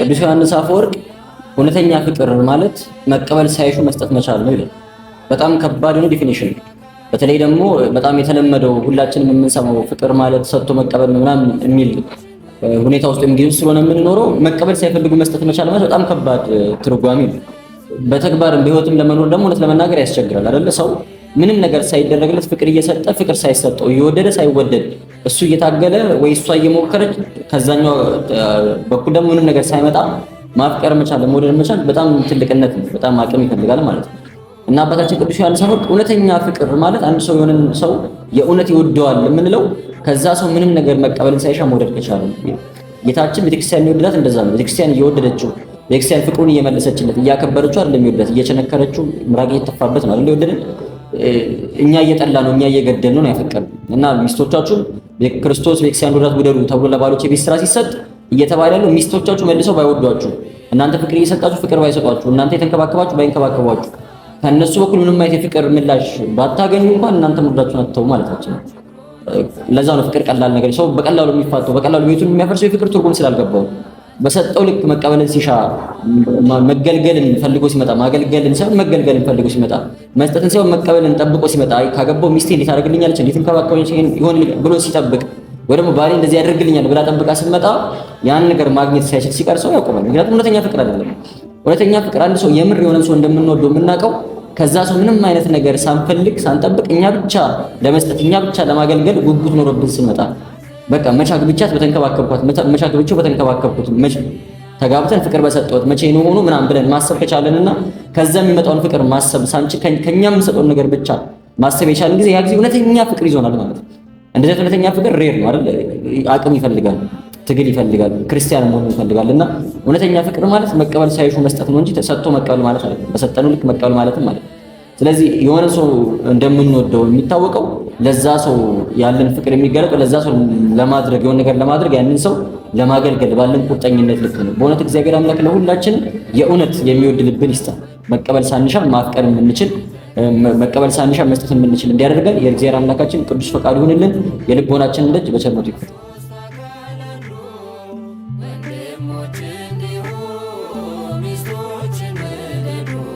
ቅዱስ ዮሐንስ አፈወርቅ እውነተኛ ፍቅር ማለት መቀበል ሳይሹ መስጠት መቻል ነው ይላል። በጣም ከባድ ነው ዲፊኒሽን። በተለይ ደግሞ በጣም የተለመደው ሁላችንም የምንሰማው ፍቅር ማለት ሰጥቶ መቀበል ምናምን የሚል ሁኔታ ውስጥ እንዲህ ስለሆነ የምንኖረው መቀበል ሳይፈልጉ መስጠት መቻል ማለት በጣም ከባድ ትርጓሜ ነው። በተግባርም በህይወትም ለመኖር ደግሞ እውነት ለመናገር ያስቸግራል አይደለ? ሰው ምንም ነገር ሳይደረግለት ፍቅር እየሰጠ ፍቅር ሳይሰጠው እየወደደ ሳይወደድ እሱ እየታገለ ወይ እሷ እየሞከረች ከዛኛው በኩል ደግሞ ምንም ነገር ሳይመጣ ማፍቀር መቻል መውደድ መቻል በጣም ትልቅነት ነው፣ በጣም አቅም ይፈልጋል ማለት ነው። እና አባታችን ቅዱስ ያን አፈወርቅ እውነተኛ ፍቅር ማለት አንድ ሰው የሆነ ሰው የእውነት ይወደዋል የምንለው ከዛ ሰው ምንም ነገር መቀበልን ሳይሻ መውደድ ከቻለ። ጌታችን ቤተክርስቲያን ይወደዳት እንደዛ ነው። ቤተክርስቲያን እየወደደችው ቤተክርስቲያን ፍቅሩን እየመለሰችለት እያከበረችው አይደለም የሚወዳት፣ እየቸነከረችው ምራቅ እየተፋበት ነው አይደል የወደደን። እኛ እየጠላ ነው እኛ እየገደል ነው ያፈቀርን እና ሚስቶቻችሁን ክርስቶስ ቤተክርስቲያን ወዳት ውደዱ ተብሎ ለባሎች የቤት ስራ ሲሰጥ እየተባለ ያለው ሚስቶቻችሁ መልሰው ባይወዷችሁ፣ እናንተ ፍቅር እየሰጣችሁ ፍቅር ባይሰጧችሁ፣ እናንተ የተንከባከባችሁ ባይንከባከቧችሁ፣ ከእነሱ በኩል ምንም አይነት የፍቅር ምላሽ ባታገኙ እንኳን እናንተ ምርዳችሁን አትተው ማለታችን ነው። ለዛ ነው ፍቅር ቀላል ነገር፣ ሰው በቀላሉ የሚፋተው በቀላሉ ቤቱን የሚያፈርሰው የፍቅር ትርጉም ስላልገባው በሰጠው ልክ መቀበልን ሲሻ መገልገልን ፈልጎ ሲመጣ ማገልገልን ሳይሆን መገልገልን ፈልጎ ሲመጣ መስጠትን ሳይሆን መቀበልን ጠብቆ ሲመጣ ካገባው ሚስቴ እንዴት አደርግልኛለች እንዴት እንከባከበኝ ይሆን ብሎ ሲጠብቅ ወይ ደግሞ ባሌ እንደዚህ ያደርግልኛል ብላ ጠብቃ ስትመጣ ያን ነገር ማግኘት ሳይችል ሲቀር ሰው ያቆማል። ምክንያቱም እውነተኛ ፍቅር አይደለም። እውነተኛ ፍቅር አንድ ሰው የምር የሆነ ሰው እንደምንወደው የምናውቀው ከዛ ሰው ምንም አይነት ነገር ሳንፈልግ ሳንጠብቅ እኛ ብቻ ለመስጠት እኛ ብቻ ለማገልገል ጉጉት ኖሮብን ስንመጣ በቃ መቻግ ብቻት በተንከባከብኳት መቻግ ብቻው በተንከባከብኩት ተጋብተን ፍቅር በሰጠሁት መቼ ነው ሆኖ ምናምን ብለን ማሰብ ከቻለንና ከዛ የሚመጣውን ፍቅር ማሰብ ሳንች ከኛ የምንሰጠውን ነገር ብቻ ማሰብ የቻለን ጊዜ ያ ጊዜ እውነተኛ ፍቅር ይዞናል ማለት ነው። እንደዚህ እውነተኛ ፍቅር ሬር ነው አይደል? አቅም ይፈልጋል፣ ትግል ይፈልጋል፣ ክርስቲያን መሆን ይፈልጋል። እና እውነተኛ ፍቅር ማለት መቀበል ሳይሹ መስጠት ነው እንጂ ሰጥቶ መቀበል ማለት አይደለም። በሰጠነው ልክ መቀበል ማለትም ማለት ስለዚህ የሆነ ሰው እንደምንወደው የሚታወቀው ለዛ ሰው ያለን ፍቅር የሚገለጠው ለዛ ሰው ለማድረግ የሆነ ነገር ለማድረግ ያንን ሰው ለማገልገል ባለን ቁርጠኝነት ልክ ነው። በእውነት እግዚአብሔር አምላክ ለሁላችን የእውነት የሚወድ ልብን ይስጣ። መቀበል ሳንሻ ማፍቀር የምንችል መቀበል ሳንሻ መስጠት የምንችል እንዲያደርገን የእግዚአብሔር አምላካችን ቅዱስ ፈቃድ ይሁንልን። የልቦናችንን ደጅ በቸርነቱ ይክፈት።